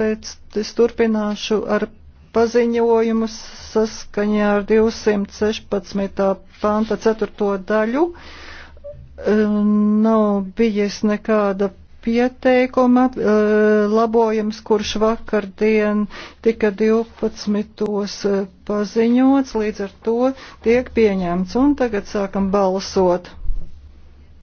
tāpēc es turpināšu ar paziņojumu saskaņā ar 216. panta 4. daļu. Nav bijis nekāda pieteikuma labojums, kurš vakardien tika 12. paziņots, līdz ar to tiek pieņemts. Un tagad sākam balsot.